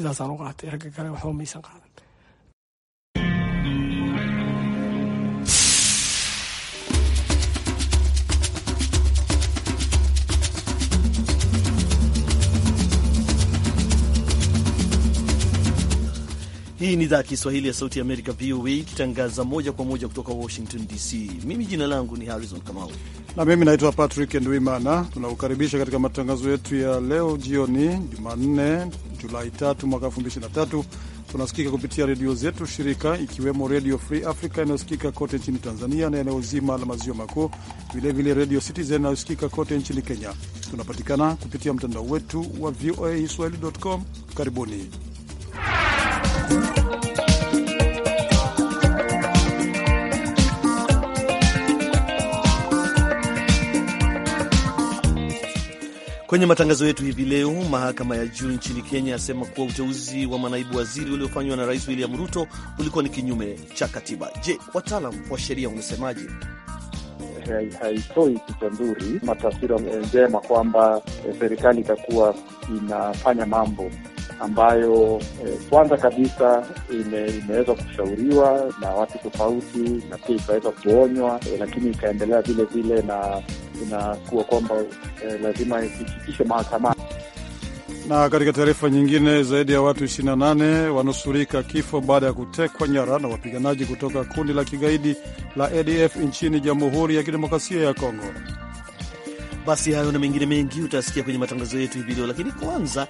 sidaasaan u qaatay ragga kale waxba maysan qaadan Hii ni idhaa ya Kiswahili ya Sauti Amerika, VOA, ikitangaza moja kwa moja kutoka Washington DC. Mimi jina langu ni Harrison Kamau na mimi naitwa Patrick Ndwimana. Tunakukaribisha katika matangazo yetu ya leo jioni, Jumanne Julai 3 mwaka 2023. Tunasikika kupitia redio zetu shirika, ikiwemo Redio Free Africa inayosikika kote nchini Tanzania na eneo zima la maziwa makuu, vilevile Redio Citizen inayosikika kote nchini Kenya. Tunapatikana kupitia mtandao wetu wa VOA Swahili.com. Karibuni. Kwenye matangazo yetu hivi leo, mahakama ya juu nchini Kenya yasema kuwa uteuzi wa manaibu waziri uliofanywa na Rais William Ruto ulikuwa ni kinyume cha katiba. Je, wataalam wa sheria wamesemaje? Haitoi picha nzuri, mataswira njema kwamba eh, serikali itakuwa inafanya mambo ambayo eh, kwanza kabisa ime, imeweza kushauriwa na watu tofauti na pia ikaweza kuonywa eh, lakini ikaendelea vile vile na inakuwa kwamba eh, lazima ifikishwe mahakamani. Na katika taarifa nyingine, zaidi ya watu 28 wanusurika kifo baada ya kutekwa nyara na wapiganaji kutoka kundi la kigaidi la ADF nchini Jamhuri ya Kidemokrasia ya Kongo. Basi hayo na mengine mengi utasikia kwenye matangazo yetu hivi leo, lakini kwanza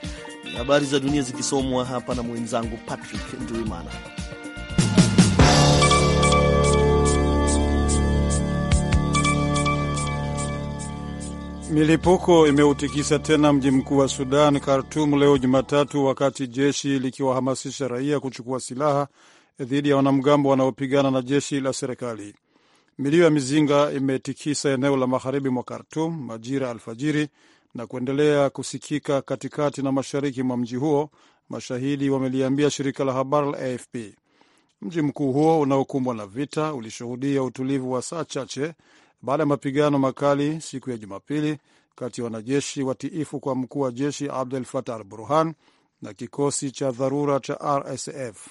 Habari za dunia zikisomwa hapa na mwenzangu Patrick Nduimana. Milipuko imeutikisa tena mji mkuu wa Sudan, Khartum, leo Jumatatu, wakati jeshi likiwahamasisha raia kuchukua silaha dhidi ya wanamgambo wanaopigana na jeshi la serikali. Milio ya mizinga imetikisa eneo la magharibi mwa Khartum majira alfajiri, na kuendelea kusikika katikati na mashariki mwa mji huo, mashahidi wameliambia shirika la habari la AFP. Mji mkuu huo unaokumbwa na vita ulishuhudia utulivu wa saa chache baada ya mapigano makali siku ya Jumapili kati ya wanajeshi watiifu kwa mkuu wa jeshi Abdel Fatah al Burhan na kikosi cha dharura cha RSF.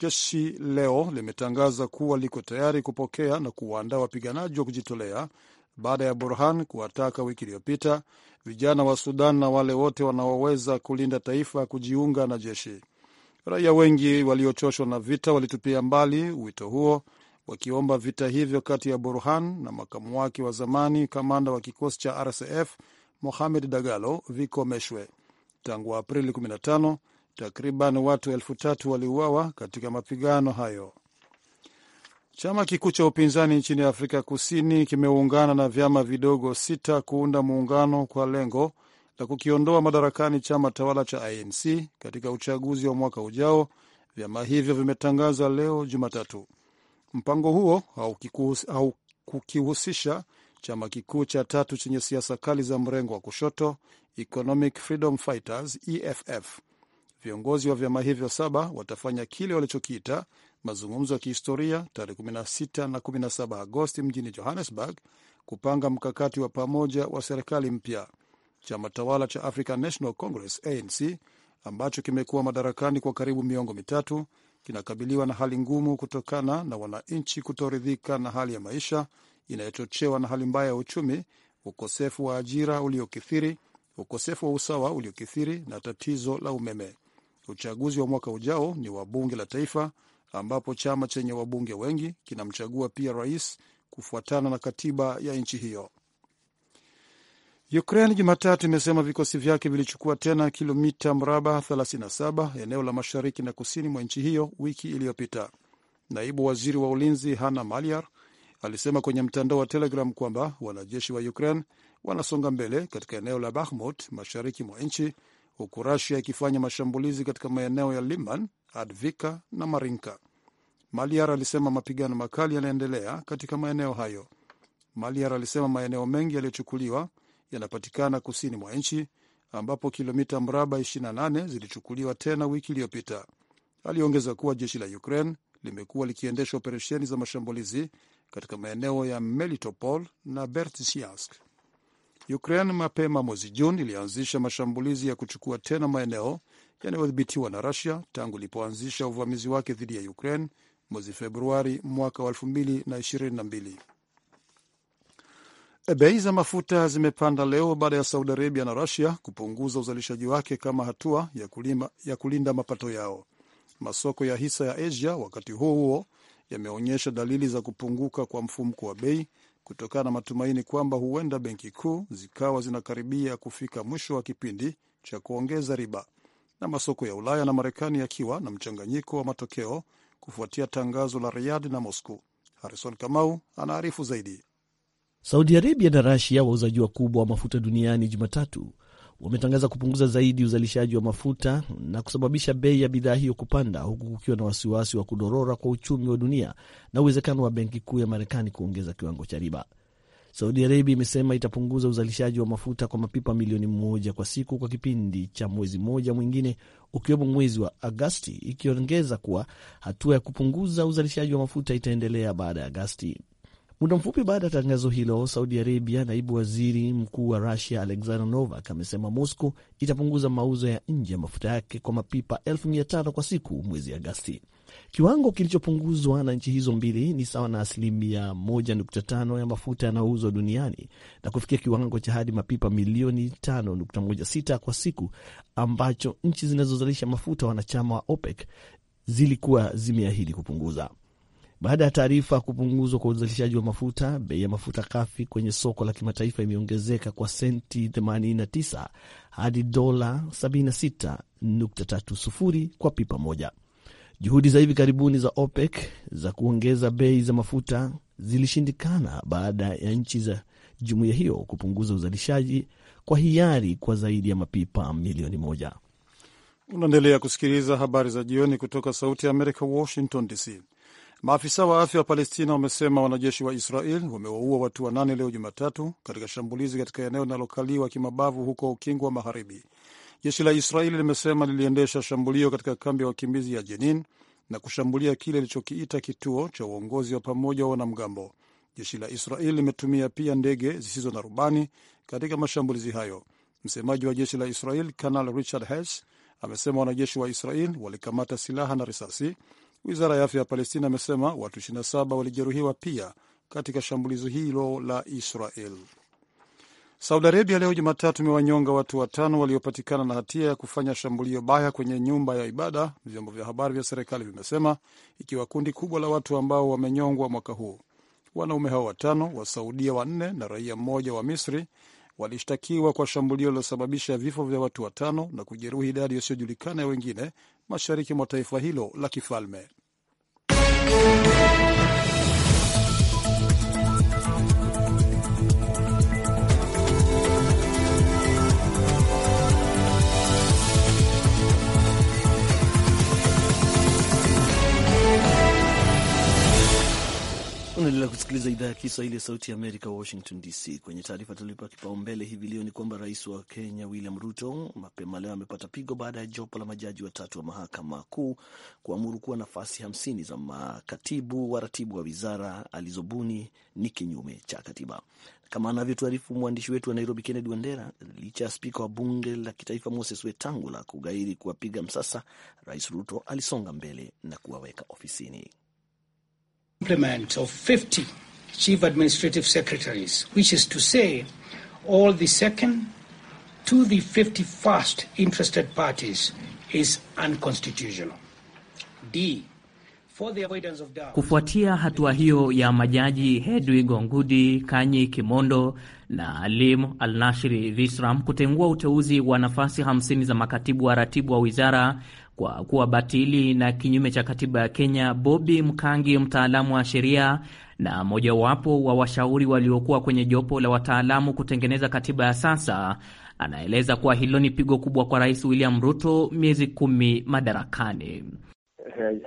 Jeshi leo limetangaza kuwa liko tayari kupokea na kuwaandaa wapiganaji wa kujitolea baada ya Burhan kuwataka wiki iliyopita vijana wa Sudan na wale wote wanaoweza kulinda taifa kujiunga na jeshi. Raia wengi waliochoshwa na vita walitupia mbali wito huo, wakiomba vita hivyo kati ya Burhan na makamu wake wa zamani, kamanda wa kikosi cha RSF Mohamed Dagalo, vikomeshwe. Tangu Aprili 15 takriban watu elfu tatu waliuawa katika mapigano hayo. Chama kikuu cha upinzani nchini Afrika Kusini kimeungana na vyama vidogo sita kuunda muungano kwa lengo la kukiondoa madarakani chama tawala cha ANC katika uchaguzi wa mwaka ujao, vyama hivyo vimetangaza leo Jumatatu. Mpango huo haukukihusisha chama kikuu cha tatu chenye siasa kali za mrengo wa kushoto, Economic Freedom Fighters, EFF. Viongozi wa vyama hivyo saba watafanya kile walichokiita mazungumzo ya kihistoria tarehe 16 na 17 Agosti mjini Johannesburg kupanga mkakati wa pamoja wa serikali mpya. Chama tawala cha African National Congress ANC ambacho kimekuwa madarakani kwa karibu miongo mitatu kinakabiliwa na hali ngumu kutokana na wananchi kutoridhika na hali ya maisha inayochochewa na hali mbaya ya uchumi, ukosefu wa ajira uliokithiri, ukosefu wa usawa uliokithiri na tatizo la umeme. Uchaguzi wa mwaka ujao ni wa bunge la taifa ambapo chama chenye wabunge wengi kinamchagua pia rais kufuatana na katiba ya nchi hiyo. Ukraine Jumatatu imesema vikosi vyake vilichukua tena kilomita mraba 37 eneo la mashariki na kusini mwa nchi hiyo wiki iliyopita. Naibu waziri wa ulinzi Hanna Maliar alisema kwenye mtandao wa Telegram kwamba wanajeshi wa Ukraine wanasonga mbele katika eneo la Bahmut mashariki mwa nchi huku Rasia ikifanya mashambulizi katika maeneo ya Liman, Advika na Marinka. Maliar alisema mapigano makali yanaendelea katika maeneo hayo. Maliar alisema maeneo mengi yaliyochukuliwa yanapatikana kusini mwa nchi ambapo kilomita mraba 28 zilichukuliwa tena wiki iliyopita. Aliongeza kuwa jeshi la Ukraine limekuwa likiendesha operesheni za mashambulizi katika maeneo ya Melitopol na Bertisiansk. Ukraine mapema mwezi Juni ilianzisha mashambulizi ya kuchukua tena maeneo yanayodhibitiwa na Rusia tangu ilipoanzisha uvamizi wake dhidi ya Ukraine mwezi Februari mwaka wa mbili. Bei za mafuta zimepanda leo baada ya Saudi Arabia na Rusia kupunguza uzalishaji wake kama hatua ya, kulima, ya kulinda mapato yao. Masoko ya hisa ya Asia wakati huo huo yameonyesha dalili za kupunguka kwa mfumko wa bei kutokana na matumaini kwamba huenda benki kuu zikawa zinakaribia kufika mwisho wa kipindi cha kuongeza riba, na masoko ya Ulaya na Marekani yakiwa na mchanganyiko wa matokeo kufuatia tangazo la Riyadh na Moscow. Harrison Kamau anaarifu zaidi. Saudi Arabia na Rasia, wauzaji wakubwa wa mafuta duniani, Jumatatu wametangaza kupunguza zaidi uzalishaji wa mafuta na kusababisha bei ya bidhaa hiyo kupanda, huku kukiwa na wasiwasi wa kudorora kwa uchumi wa dunia na uwezekano wa benki kuu ya Marekani kuongeza kiwango cha riba. Saudi Arabia imesema itapunguza uzalishaji wa mafuta kwa mapipa milioni moja kwa siku kwa kipindi cha mwezi mmoja mwingine ukiwemo mwezi wa Agasti, ikiongeza kuwa hatua ya kupunguza uzalishaji wa mafuta itaendelea baada ya Agasti. Muda mfupi baada ya tangazo hilo, Saudi Arabia, naibu waziri mkuu wa Rusia Alexander Novak amesema Moscow itapunguza mauzo ya nje ya mafuta yake kwa mapipa elfu mia tano kwa siku mwezi Agasti. Kiwango kilichopunguzwa na nchi hizo mbili ni sawa na asilimia 1.5 ya mafuta yanayouzwa duniani na kufikia kiwango cha hadi mapipa milioni 5.16 kwa siku ambacho nchi zinazozalisha mafuta wanachama wa OPEC zilikuwa zimeahidi kupunguza baada ya taarifa kupunguzwa kwa uzalishaji wa mafuta, bei ya mafuta kafi kwenye soko la kimataifa imeongezeka kwa senti 89 hadi dola 76.30 kwa pipa moja. Juhudi za hivi karibuni za OPEC za kuongeza bei za mafuta zilishindikana baada ya nchi za jumuiya hiyo kupunguza uzalishaji kwa hiari kwa zaidi ya mapipa milioni moja. Unaendelea kusikiliza habari za jioni kutoka Sauti ya Amerika, Washington DC. Maafisa wa afya wa Palestina wamesema wanajeshi wa Israel wamewaua watu wanane leo Jumatatu katika shambulizi katika eneo linalokaliwa kimabavu huko Ukingo wa Magharibi. Jeshi la Israeli limesema liliendesha shambulio katika kambi ya wakimbizi ya Jenin na kushambulia kile ilichokiita kituo cha uongozi wa pamoja wa wanamgambo. Jeshi la Israeli limetumia pia ndege zisizo na rubani katika mashambulizi hayo. Msemaji wa jeshi la Israel Kanal Richard Hess amesema wanajeshi wa Israel walikamata silaha na risasi Wizara ya afya ya Palestina amesema watu 27 walijeruhiwa pia katika shambulizi hilo la Israel. Saudi Arabia leo Jumatatu imewanyonga watu watano waliopatikana na hatia ya kufanya shambulio baya kwenye nyumba ya ibada, vyombo vya habari vya serikali vimesema, ikiwa kundi kubwa la watu ambao wamenyongwa mwaka huu. Wanaume hao watano wasaudia wanne na raia mmoja wa Misri walishtakiwa kwa shambulio lililosababisha vifo vya watu watano na kujeruhi idadi isiyojulikana ya wengine mashariki mwa taifa hilo la kifalme. Unaendelea kusikiliza idhaa ya Kiswahili ya Sauti ya Amerika, Washington DC. Kwenye taarifa tulipa kipaumbele hivi leo ni kwamba rais wa Kenya William Ruto mapema leo amepata pigo baada ya jopo la majaji watatu wa mahakama kuu kuamuru kuwa nafasi hamsini za makatibu waratibu wa wizara alizobuni ni kinyume cha katiba, kama anavyotuarifu mwandishi wetu wa Nairobi Kennedy Wandera. Licha ya spika wa bunge la kitaifa Moses Wetangula kugairi kuwapiga msasa, rais Ruto alisonga mbele na kuwaweka ofisini complement of 50 chief administrative secretaries, which is to say all the second to the 51st interested parties is unconstitutional. D. Kufuatia hatua hiyo ya majaji Hedwig Ongudi, Kanyi Kimondo na Alim Alnashiri Visram kutengua uteuzi wa nafasi 50 za makatibu wa ratibu wa wizara kwa kuwa batili na kinyume cha katiba ya Kenya. Bobi Mkangi, mtaalamu wa sheria na mojawapo wa washauri waliokuwa kwenye jopo la wataalamu kutengeneza katiba ya sasa, anaeleza kuwa hilo ni pigo kubwa kwa Rais William Ruto, miezi kumi madarakani.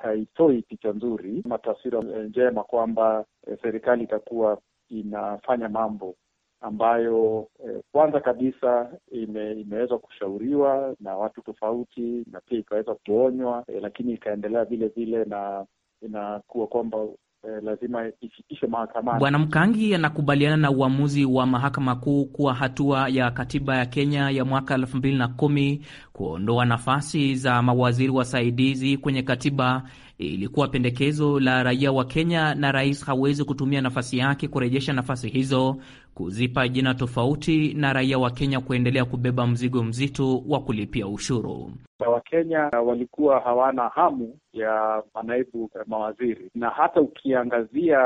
Haitoi picha nzuri ama taswira njema kwamba eh, serikali itakuwa inafanya mambo ambayo eh, kwanza kabisa ime, imeweza kushauriwa na watu tofauti na pia ikaweza kuonywa eh, lakini ikaendelea vile vile na inakuwa kwamba eh, lazima ifikishe mahakamani. Bwana Mkangi anakubaliana na uamuzi wa mahakama kuu kuwa hatua ya katiba ya Kenya ya mwaka elfu mbili na kumi kuondoa nafasi za mawaziri wasaidizi kwenye katiba ilikuwa pendekezo la raia wa Kenya na rais hawezi kutumia nafasi yake kurejesha nafasi hizo kuzipa jina tofauti na raia wa Kenya kuendelea kubeba mzigo mzito wa kulipia ushuru. Wakenya walikuwa hawana hamu ya manaibu mawaziri, na hata ukiangazia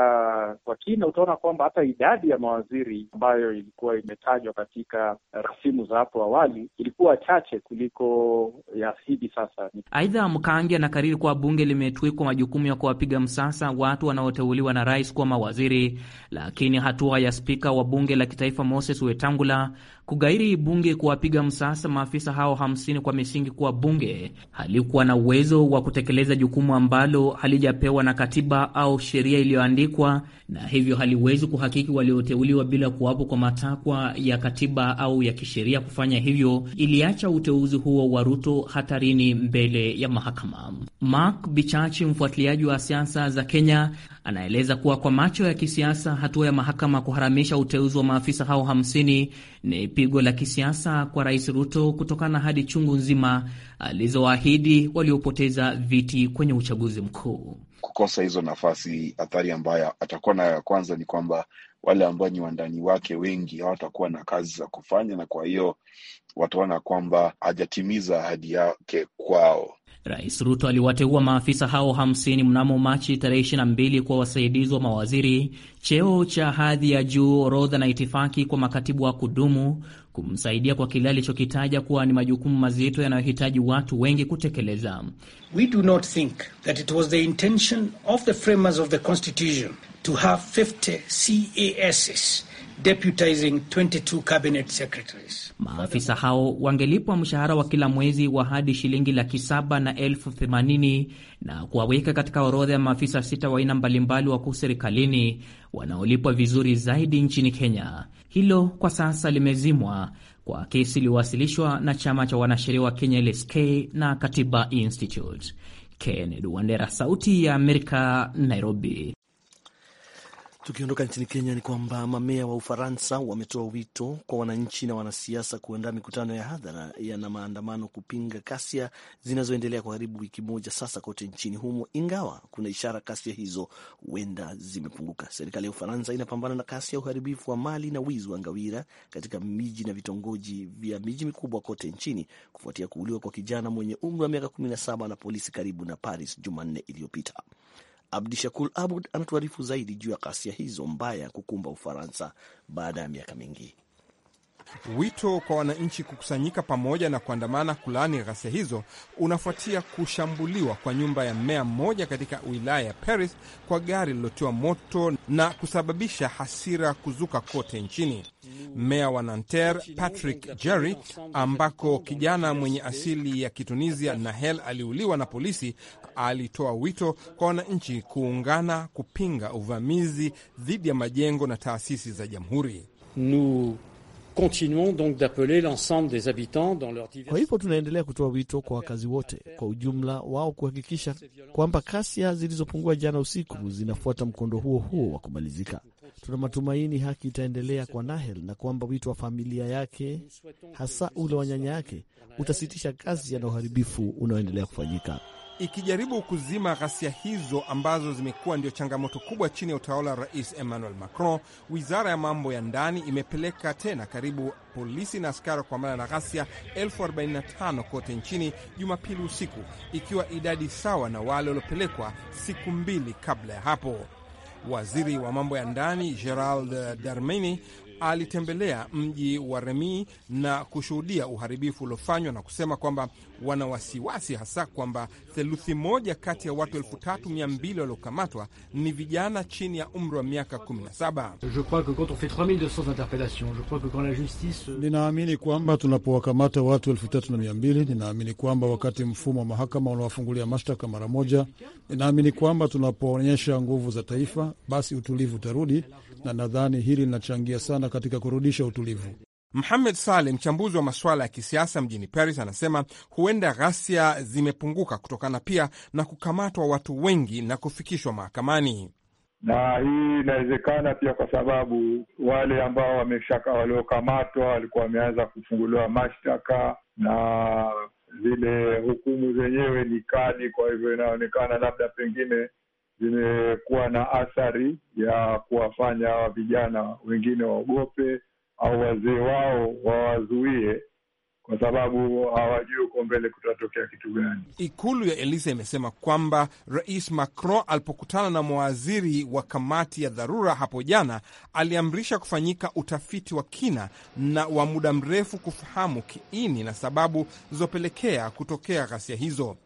kwa kina utaona kwamba hata idadi ya mawaziri ambayo ilikuwa imetajwa katika rasimu za hapo awali ilikuwa chache kuliko ya hivi sasa. Aidha, Mkangi anakariri kuwa bunge limetwikwa majukumu ya kuwapiga msasa watu wanaoteuliwa na rais kuwa mawaziri, lakini hatua ya spika wa bunge la kitaifa Moses Wetangula Kugairi bunge kuwapiga msasa maafisa hao hamsini kwa misingi kuwa bunge halikuwa na uwezo wa kutekeleza jukumu ambalo halijapewa na katiba au sheria iliyoandikwa, na hivyo haliwezi kuhakiki walioteuliwa bila kuwapo kwa matakwa ya katiba au ya kisheria kufanya hivyo, iliacha uteuzi huo wa Ruto hatarini mbele ya mahakama. Mark Bichachi, mfuatiliaji wa siasa za Kenya, anaeleza kuwa kwa macho ya kisiasa, hatua ya mahakama kuharamisha uteuzi wa maafisa hao hamsini ni pigo la kisiasa kwa Rais Ruto kutokana na hadi chungu nzima alizoahidi waliopoteza viti kwenye uchaguzi mkuu kukosa hizo nafasi. Athari ambayo atakuwa nayo ya kwanza ni kwamba wale ambao ni wandani wake wengi hawatakuwa na kazi za kufanya, na kwa hiyo wataona kwamba hajatimiza ahadi yake kwao. Rais Ruto aliwateua maafisa hao 50 mnamo Machi tarehe 22 kwa wasaidizi wa mawaziri, cheo cha hadhi ya juu, orodha na itifaki kwa makatibu wa kudumu, kumsaidia kwa kile alichokitaja kuwa ni majukumu mazito yanayohitaji watu wengi kutekeleza. We do not think that it was the intention of the framers of the constitution to have 50 CASs deputizing 22 cabinet secretaries. Maafisa hao wangelipwa mshahara wa kila mwezi wa hadi shilingi laki saba na elfu themanini na kuwaweka katika orodha ya maafisa sita wa aina mbalimbali wakuu serikalini wanaolipwa vizuri zaidi nchini Kenya. Hilo kwa sasa limezimwa kwa kesi iliyowasilishwa na chama cha wanasheria wa Kenya LSK na Katiba Institute. Kennedy Wandera, Sauti ya Amerika, Nairobi. Tukiondoka nchini Kenya, ni kwamba mamea wa Ufaransa wametoa wito kwa wananchi na wanasiasa kuandaa mikutano ya hadhara yana maandamano kupinga kasia zinazoendelea kwa karibu wiki moja sasa kote nchini humo, ingawa kuna ishara kasia hizo huenda zimepunguka. Serikali ya Ufaransa inapambana na kasia, uharibifu wa mali na wizi wa ngawira katika miji na vitongoji vya miji mikubwa kote nchini kufuatia kuuliwa kwa kijana mwenye umri wa miaka 17 na polisi karibu na Paris Jumanne iliyopita. Abdishakur Abud anatuarifu zaidi juu ya ghasia hizo mbaya kukumba Ufaransa baada ya miaka mingi. Wito kwa wananchi kukusanyika pamoja na kuandamana kulaani ghasia hizo unafuatia kushambuliwa kwa nyumba ya meya mmoja katika wilaya ya Paris kwa gari lililotiwa moto na kusababisha hasira kuzuka kote nchini meya wa nanter Patrick Jerry, ambako kijana mwenye asili ya Kitunisia Nahel aliuliwa na polisi, alitoa wito kwa wananchi kuungana kupinga uvamizi dhidi ya majengo na taasisi za jamhuri. Kwa hivyo tunaendelea kutoa wito kwa wakazi wote kwa ujumla wao kuhakikisha kwamba kasia zilizopungua jana usiku zinafuata mkondo huo huo wa kumalizika. Tuna matumaini haki itaendelea kwa Nahel na kwamba wito wa familia yake, hasa ule wa nyanya yake, utasitisha kazi na uharibifu unaoendelea kufanyika, ikijaribu kuzima ghasia hizo ambazo zimekuwa ndio changamoto kubwa chini ya utawala wa Rais Emmanuel Macron. Wizara ya mambo ya ndani imepeleka tena karibu polisi na askari kupambana na ghasia 45 kote nchini Jumapili usiku, ikiwa idadi sawa na wale waliopelekwa siku mbili kabla ya hapo. Waziri wa mambo ya ndani Gerald Darmini alitembelea mji wa Remi na kushuhudia uharibifu uliofanywa na kusema kwamba wana wasiwasi hasa kwamba theluthi moja kati ya watu elfu tatu mia mbili waliokamatwa ni vijana chini ya umri wa miaka 17. Euh, ninaamini kwamba tunapowakamata watu elfu tatu na mia mbili, ninaamini kwamba wakati mfumo wa mahakama unawafungulia mashtaka mara moja, ninaamini kwamba tunapoonyesha nguvu za taifa, basi utulivu utarudi na nadhani hili linachangia sana katika kurudisha utulivu. Muhamed Saleh, mchambuzi wa masuala ya kisiasa mjini Paris, anasema huenda ghasia zimepunguka kutokana pia na kukamatwa watu wengi na kufikishwa mahakamani na hii inawezekana pia kwa sababu wale ambao wameshaka waliokamatwa walikuwa wameanza kufunguliwa mashtaka na zile hukumu zenyewe ni kali. Kwa hivyo inaonekana labda pengine zimekuwa na athari ya kuwafanya hawa vijana wengine waogope au wazee wao wawazuie kwa sababu hawajui huko mbele kutatokea kitu gani. Ikulu ya Elisa imesema kwamba Rais Macron alipokutana na mawaziri wa kamati ya dharura hapo jana, aliamrisha kufanyika utafiti wa kina na wa muda mrefu kufahamu kiini na sababu zilizopelekea kutokea ghasia hizo.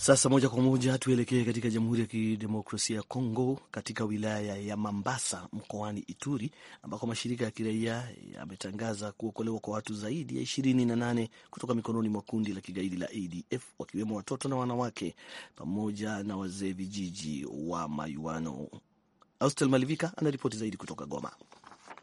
Sasa moja kwa moja tuelekee katika Jamhuri ya Kidemokrasia ya Kongo, katika wilaya ya Mambasa mkoani Ituri, ambako mashirika ya kiraia yametangaza kuokolewa kwa watu zaidi ya ishirini na nane kutoka mikononi mwa kundi la kigaidi la ADF, wakiwemo watoto na wanawake pamoja na wazee vijiji wa Mayuano. Austel Malivika anaripoti zaidi kutoka Goma.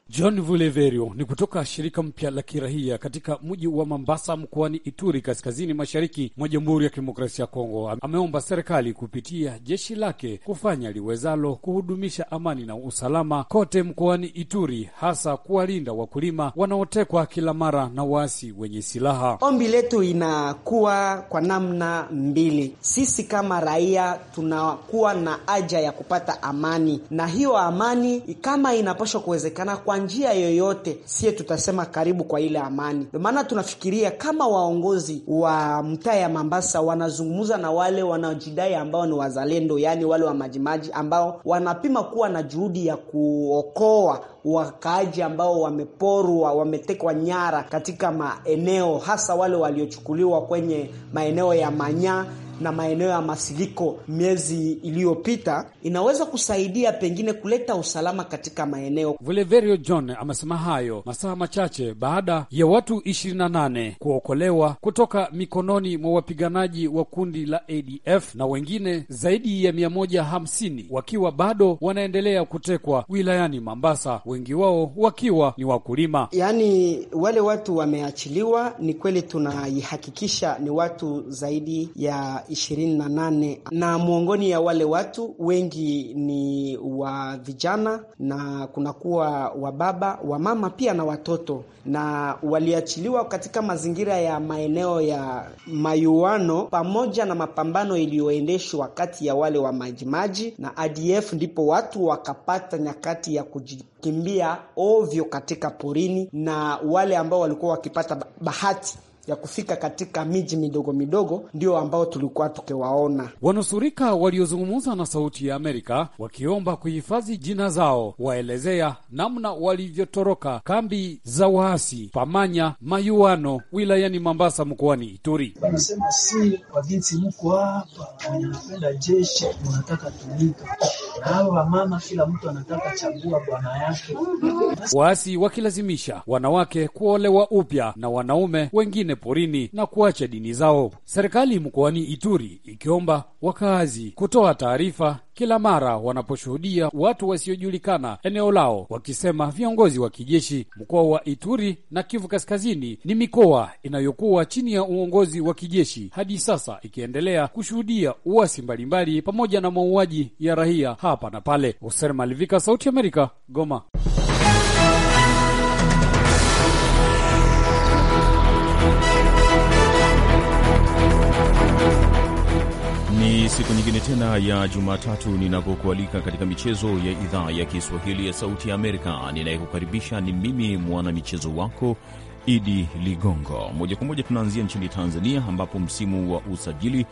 John Vuleverio ni kutoka shirika mpya la kirahia katika mji wa Mambasa mkoani Ituri, kaskazini mashariki mwa Jamhuri ya Kidemokrasia ya Kongo. Ameomba serikali kupitia jeshi lake kufanya liwezalo kuhudumisha amani na usalama kote mkoani Ituri, hasa kuwalinda wakulima wanaotekwa kila mara na waasi wenye silaha. Ombi letu inakuwa kwa namna mbili. Sisi kama raia tunakuwa na haja ya kupata amani, na hiyo amani kama inapashwa kuwezekana kwa njia yoyote, sie tutasema karibu kwa ile amani. Ndio maana tunafikiria kama waongozi wa mtaa ya Mambasa wanazungumza na wale wanaojidai ambao ni wazalendo, yaani wale wa majimaji ambao wanapima kuwa na juhudi ya kuokoa wakaaji ambao wameporwa, wametekwa nyara katika maeneo, hasa wale waliochukuliwa kwenye maeneo ya manya na maeneo ya masiliko miezi iliyopita, inaweza kusaidia pengine kuleta usalama katika maeneo. Valeverio John amesema hayo masaa machache baada ya watu 28 kuokolewa kutoka mikononi mwa wapiganaji wa kundi la ADF na wengine zaidi ya 150 wakiwa bado wanaendelea kutekwa wilayani Mambasa, wengi wao wakiwa ni wakulima. Yaani wale watu wameachiliwa, ni kweli tunaihakikisha ni watu zaidi ya ishirini na nane na ya wale watu wengi ni wa vijana na kunakuwa wa mama pia na watoto, na waliachiliwa katika mazingira ya maeneo ya mayuano pamoja na mapambano iliyoendeshwa kati ya wale wa majimaji na ADF, ndipo watu wakapata nyakati ya kujikimbia ovyo katika porini na wale ambao walikuwa wakipata bahati ya kufika katika miji midogo midogo, ndio ambao tulikuwa tukiwaona. Wanusurika waliozungumza na Sauti ya Amerika wakiomba kuhifadhi jina zao, waelezea namna walivyotoroka kambi za waasi Pamanya Mayuano wilayani Mambasa mkoani Ituri. Wanasema si wagisi, mko hapa, wanapenda jeshi, wanataka tumika hao wamama, kila mtu anataka chagua bwana yake. Waasi wakilazimisha wanawake kuolewa upya na wanaume wengine porini na kuacha dini zao. Serikali mkoani Ituri ikiomba wakazi kutoa taarifa kila mara wanaposhuhudia watu wasiojulikana eneo lao, wakisema viongozi wa kijeshi. Mkoa wa Ituri na Kivu Kaskazini ni mikoa inayokuwa chini ya uongozi wa kijeshi hadi sasa, ikiendelea kushuhudia uasi mbalimbali pamoja na mauaji ya raia hapa na pale. Hoser Malivika, Sauti Amerika, Goma. Ni siku nyingine tena ya Jumatatu ninapokualika katika michezo ya idhaa ya Kiswahili ya Sauti ya Amerika. Ninayekukaribisha ni mimi michezo wako Idi Ligongo. Moja kwa moja tunaanzia nchini Tanzania, ambapo msimu wa usajili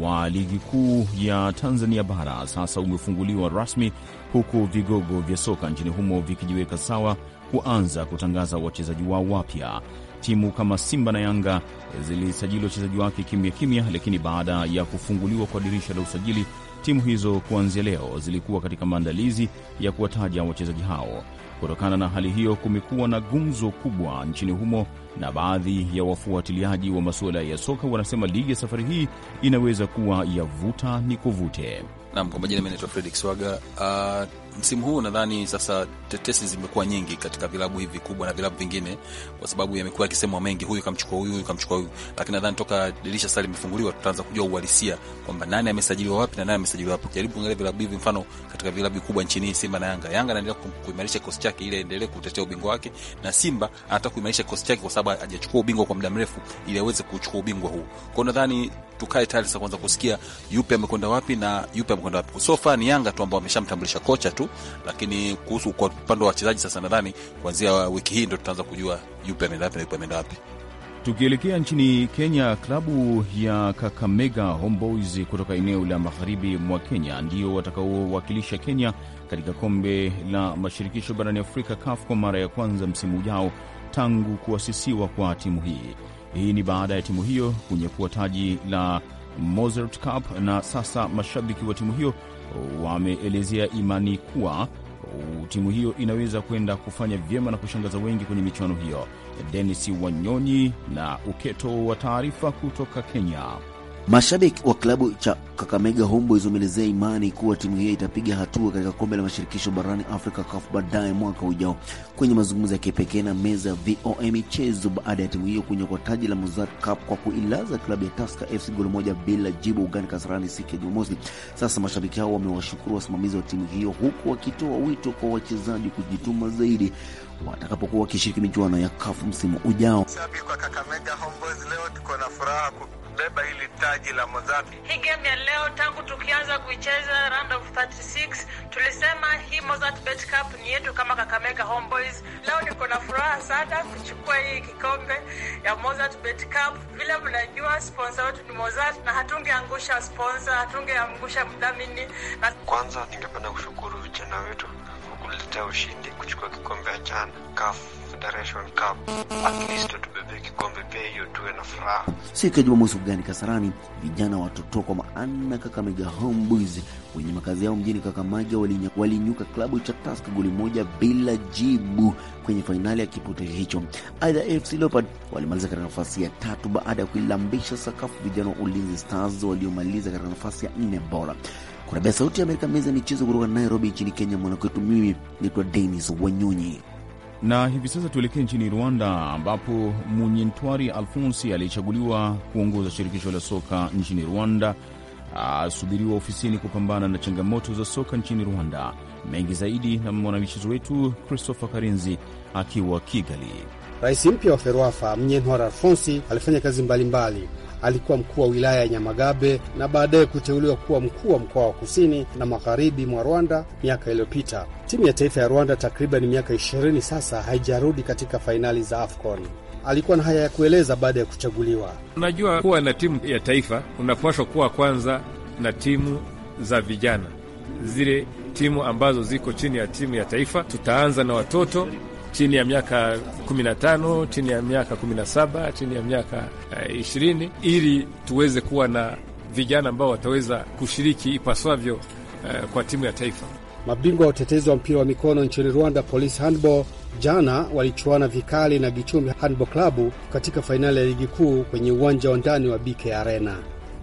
wa ligi kuu ya Tanzania bara sasa umefunguliwa rasmi, huku vigogo vya soka nchini humo vikijiweka sawa kuanza kutangaza wachezaji wao wapya. Timu kama Simba na Yanga zilisajili wachezaji wake kimya kimya, lakini baada ya kufunguliwa kwa dirisha la usajili, timu hizo kuanzia leo zilikuwa katika maandalizi ya kuwataja wachezaji hao. Kutokana na hali hiyo, kumekuwa na gumzo kubwa nchini humo, na baadhi ya wafuatiliaji wa masuala ya soka wanasema ligi ya safari hii inaweza kuwa ya vuta ni kuvute. Nam, kwa majina mi naitwa Fredrik Swaga. Uh, msimu huu nadhani sasa tetesi zimekuwa nyingi katika vilabu hivi kubwa na vilabu vingine, kwa sababu yamekuwa yakisemwa mengi, huyu kamchukua huyu, huyu kamchukua huyu. Lakini nadhani toka dirisha sasa limefunguliwa, tutaanza kujua uhalisia kwamba nani amesajiliwa wapi na nani amesajiliwa wapi. Jaribu angalia vilabu hivi, mfano katika vilabu kubwa nchini, Simba na Yanga. Yanga anaendelea kuimarisha kikosi chake ili aendelee kutetea ubingwa wake, na Simba anataka kuimarisha kikosi chake kwa sababu hajachukua ubingwa kwa muda mrefu, ili aweze kuchukua ubingwa huu. Kwa nadhani tukae tayari sasa kuanza kusikia yupi amekwenda wapi na yupi amekwenda wapi. So far ni Yanga tu ambao wameshamtambulisha kocha tu lakini kuhusu kwa upande wa wachezaji sasa, nadhani kuanzia wiki hii ndo tutaanza kujua yupi ameenda wapi na yupi ameenda wapi. Tukielekea nchini Kenya, klabu ya Kakamega Homeboys kutoka eneo la magharibi mwa Kenya ndio watakaowakilisha Kenya katika kombe la mashirikisho barani Afrika, CAF, kwa mara ya kwanza msimu ujao tangu kuasisiwa kwa timu hii. Hii ni baada ya timu hiyo kunyakua taji la Mozart Cup, na sasa mashabiki wa timu hiyo wameelezea imani kuwa timu hiyo inaweza kwenda kufanya vyema na kushangaza wengi kwenye michuano hiyo. Denis Wanyonyi na uketo wa taarifa kutoka Kenya. Mashabiki wa klabu cha Kakamega Homeboyz wameelezea imani kuwa timu hiyo itapiga hatua katika kombe la mashirikisho barani Afrika CAF baadaye mwaka ujao. Kwenye mazungumzo ya kipekee na meza ya VOA michezo baada ya timu hiyo kunyakua taji la Mozart Cup kwa kuilaza klabu ya taska FC goli moja bila jibu ugani Kasarani siku ya Jumamosi. Sasa mashabiki hao wamewashukuru wasimamizi wa timu hiyo, huku wakitoa wito kwa wachezaji kujituma zaidi watakapokuwa wakishiriki michuano ya kafu msimu ujao. Sabi kwa Kakamega Homeboys, leo tuko na furaha kubeba hili taji la Hii game ya leo tangu tukianza kuicheza round of 36 tulisema hii Mozart Bet Cup ni yetu kama Kakamega Homeboys. Leo niko na furaha sana kuchukua hii kikombe ya Mozart Bet Cup. Vile mnajua sponsor wetu ni Mozart na hatungeangusha sponsor, hatungeangusha mdhamini Kwanza ningependa kushukuru vijana wetu kuleta ushindi kuchukua kikombe cha CAF Federation Cup. At least tubebe kikombe pia, hiyo tuwe na furaha. Siku ya Jumamosi ugani Kasarani, vijana watoto kwa Maana Kakamega Homeboys wenye makazi yao mjini Kakamega walinyuka klabu cha Task goli moja bila jibu kwenye fainali ya kipute hicho. Aidha, AFC Leopard walimaliza katika nafasi ya tatu baada ya kuilambisha sakafu vijana wa Ulinzi Stars waliomaliza katika nafasi ya nne bora kurabia Sauti ya Amerika, meza ya michezo kutoka Nairobi nchini Kenya, mwanakwetu mimi naitwa Denis Wanyonyi. Na hivi sasa tuelekee nchini Rwanda ambapo Munyentwari Alfonsi aliyechaguliwa kuongoza shirikisho la soka nchini Rwanda asubiriwa ofisini kupambana na changamoto za soka nchini Rwanda. Mengi zaidi na mwanamichezo wetu Christopher Karenzi akiwa Kigali. Rais mpya wa Ferwafa Mnyentwari Alfonsi alifanya kazi mbalimbali alikuwa mkuu wa wilaya ya Nyamagabe na baadaye kuteuliwa kuwa mkuu wa mkoa wa kusini na magharibi mwa Rwanda miaka iliyopita. Timu ya taifa ya Rwanda takriban miaka ishirini sasa haijarudi katika fainali za AFCON. Alikuwa na haya ya kueleza baada ya kuchaguliwa. Unajua, kuwa na timu ya taifa unapashwa kuwa kwanza na timu za vijana, zile timu ambazo ziko chini ya timu ya taifa. Tutaanza na watoto chini ya miaka 15, chini ya miaka 17, chini ya miaka 20, eh, ili tuweze kuwa na vijana ambao wataweza kushiriki ipaswavyo uh, kwa timu ya taifa. Mabingwa wa utetezi wa mpira wa mikono nchini Rwanda, Police Handball, jana walichuana vikali na Gichumbi Handball Klabu katika fainali ya ligi kuu kwenye uwanja wa ndani wa BK Arena.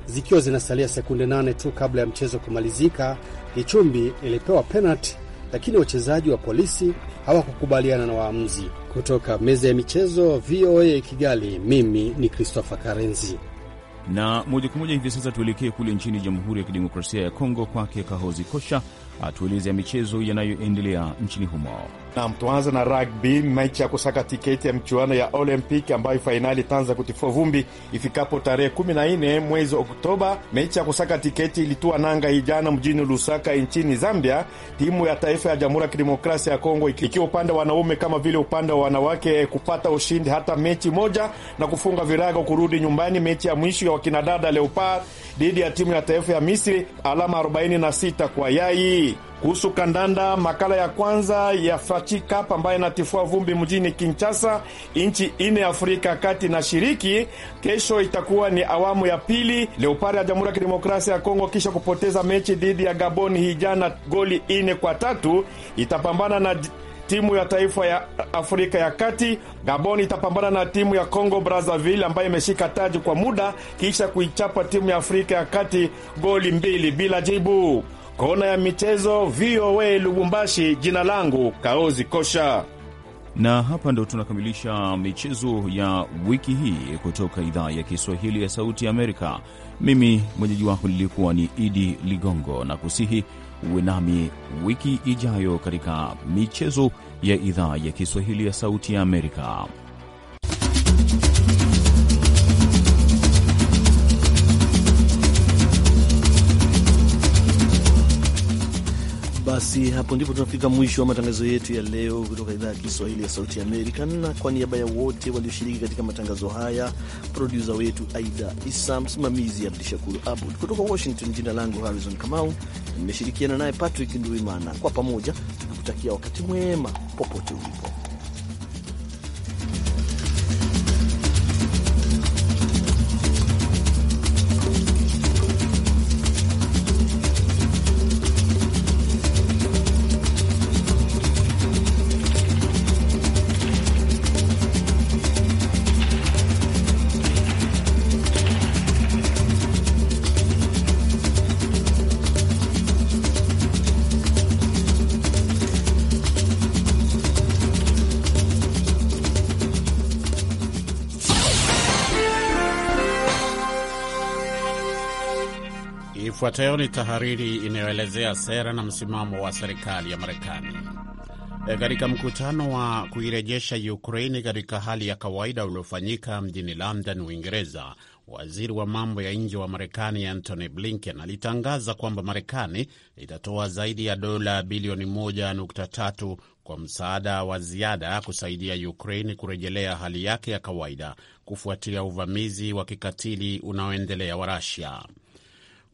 Zikiwa zinasalia sekunde nane tu kabla ya mchezo kumalizika, Gichumbi ilipewa penalti lakini wachezaji wa polisi hawakukubaliana na waamuzi. Kutoka meza ya michezo VOA Kigali, mimi ni Christopher Karenzi na moja kwa moja hivi sasa tuelekee kule nchini Jamhuri ya Kidemokrasia ya Kongo, kwake Kahozi Kosha atueleze michezo yanayoendelea nchini humo. Nam, tuanze na rugby. Mechi ya kusaka tiketi ya mchuano ya Olympic ambayo fainali itaanza kutifua vumbi ifikapo tarehe 14 mwezi Oktoba. Mechi ya kusaka tiketi ilitua nanga hijana mjini Lusaka nchini Zambia, timu ya taifa ya Jamhuri ya Kidemokrasia ya Kongo ikiwa upande wa wanaume kama vile upande wa wanawake eh, kupata ushindi hata mechi moja na kufunga virago kurudi nyumbani. Mechi ya mwisho ya wakinadada Leopard dhidi ya timu ya taifa ya Misri, alama 46 kwa yai kuhusu kandanda. Makala ya kwanza ya Fati Cup ambayo inatifua vumbi mjini Kinshasa, nchi ine Afrika kati na shiriki. Kesho itakuwa ni awamu ya pili. Leopard ya Jamhuri ya Kidemokrasia ya Kongo, kisha kupoteza mechi dhidi ya Gabon hii jana goli ine kwa tatu, itapambana na timu ya taifa ya Afrika ya Kati. Gabon itapambana na timu ya Congo Brazzaville ambayo imeshika taji kwa muda kisha kuichapa timu ya Afrika ya Kati goli mbili bila jibu kona ya michezo VOA Lubumbashi. Jina langu Kaozi Kosha, na hapa ndo tunakamilisha michezo ya wiki hii kutoka idhaa ya Kiswahili ya Sauti ya Amerika. Mimi mwenyeji wako nilikuwa ni Idi Ligongo, na kusihi uwe nami wiki ijayo katika michezo ya idhaa ya Kiswahili ya Sauti ya Amerika. Basi hapo ndipo tunafika mwisho wa matangazo yetu ya leo kutoka idhaa ya Kiswahili ya Sauti Amerika, na kwa niaba ya wote walioshiriki katika matangazo haya, produsa wetu Aida Isa, msimamizi Abdu Shakur Abud kutoka Washington. Jina langu Harrison Kamau, nimeshirikiana naye Patrick Nduimana, kwa pamoja tukikutakia wakati mwema popote ulipo. Ifuatayo ni tahariri inayoelezea sera na msimamo wa serikali ya Marekani. E, katika mkutano wa kuirejesha Ukraini katika hali ya kawaida uliofanyika mjini London, Uingereza, waziri wa mambo ya nje wa Marekani Antony Blinken alitangaza kwamba Marekani itatoa zaidi ya dola bilioni 1.3 kwa msaada wa ziada kusaidia Ukraini kurejelea hali yake ya kawaida kufuatia uvamizi wa kikatili unaoendelea wa Rusia.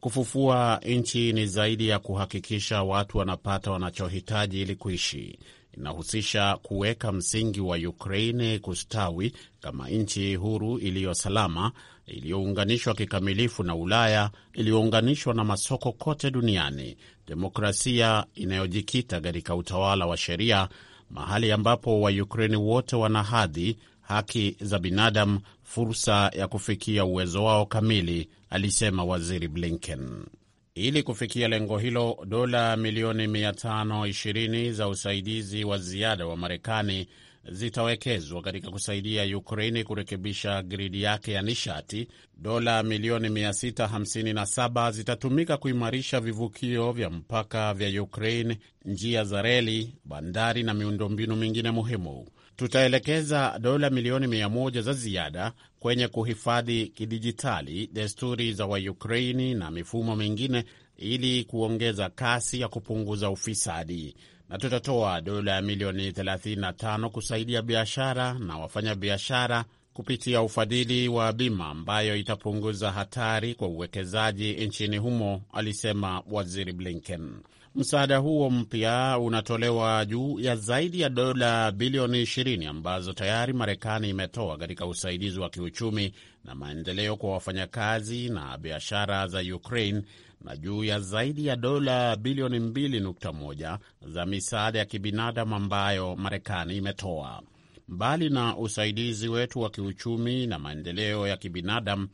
Kufufua nchi ni zaidi ya kuhakikisha watu wanapata wanachohitaji ili kuishi. Inahusisha kuweka msingi wa Ukraini kustawi kama nchi huru iliyo salama, iliyounganishwa kikamilifu na Ulaya, iliyounganishwa na masoko kote duniani, demokrasia inayojikita katika utawala wa sheria, mahali ambapo Waukraini wote wana hadhi, haki za binadamu fursa ya kufikia uwezo wao kamili, alisema Waziri Blinken. Ili kufikia lengo hilo, dola milioni 520 za usaidizi wa ziada wa Marekani zitawekezwa katika kusaidia Ukraini kurekebisha gridi yake ya nishati. Dola milioni 657 zitatumika kuimarisha vivukio vya mpaka vya Ukraini, njia za reli, bandari na miundombinu mingine muhimu tutaelekeza dola milioni mia moja za ziada kwenye kuhifadhi kidijitali desturi za Waukraini na mifumo mingine ili kuongeza kasi ya kupunguza ufisadi na tutatoa dola milioni 35 kusaidia biashara na wafanyabiashara kupitia ufadhili wa bima ambayo itapunguza hatari kwa uwekezaji nchini humo, alisema Waziri Blinken. Msaada huo mpya unatolewa juu ya zaidi ya dola bilioni 20 ambazo tayari Marekani imetoa katika usaidizi wa kiuchumi na maendeleo kwa wafanyakazi na biashara za Ukraine na juu ya zaidi ya dola bilioni 2.1 za misaada ya kibinadamu ambayo Marekani imetoa. Mbali na usaidizi wetu wa kiuchumi na maendeleo ya kibinadamu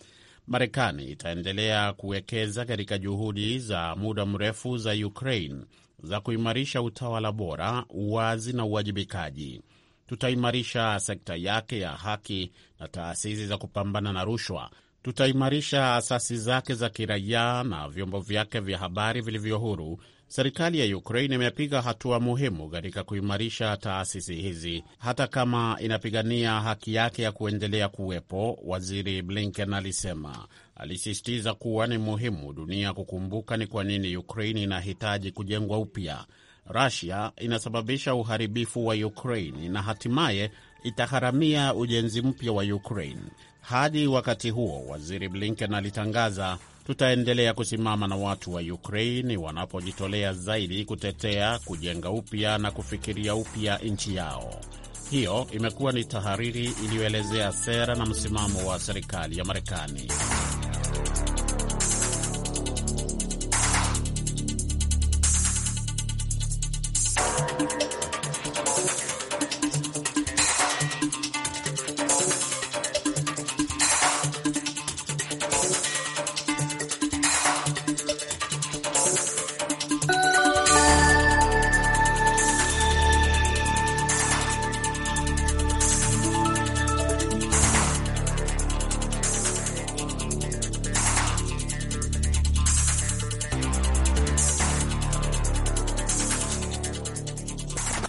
Marekani itaendelea kuwekeza katika juhudi za muda mrefu za Ukraine za kuimarisha utawala bora, uwazi na uwajibikaji. Tutaimarisha sekta yake ya haki na taasisi za kupambana na rushwa. Tutaimarisha asasi zake za kiraia na vyombo vyake vya habari vilivyo huru Serikali ya Ukraine imepiga hatua muhimu katika kuimarisha taasisi hizi hata kama inapigania haki yake ya kuendelea kuwepo, Waziri Blinken alisema. Alisisitiza kuwa ni muhimu dunia kukumbuka ni kwa nini Ukraine inahitaji kujengwa upya. Rusia inasababisha uharibifu wa Ukraine na hatimaye itagharamia ujenzi mpya wa Ukraine. Hadi wakati huo, Waziri Blinken alitangaza tutaendelea kusimama na watu wa Ukraini wanapojitolea zaidi kutetea, kujenga upya na kufikiria upya nchi yao. Hiyo imekuwa ni tahariri iliyoelezea sera na msimamo wa serikali ya Marekani.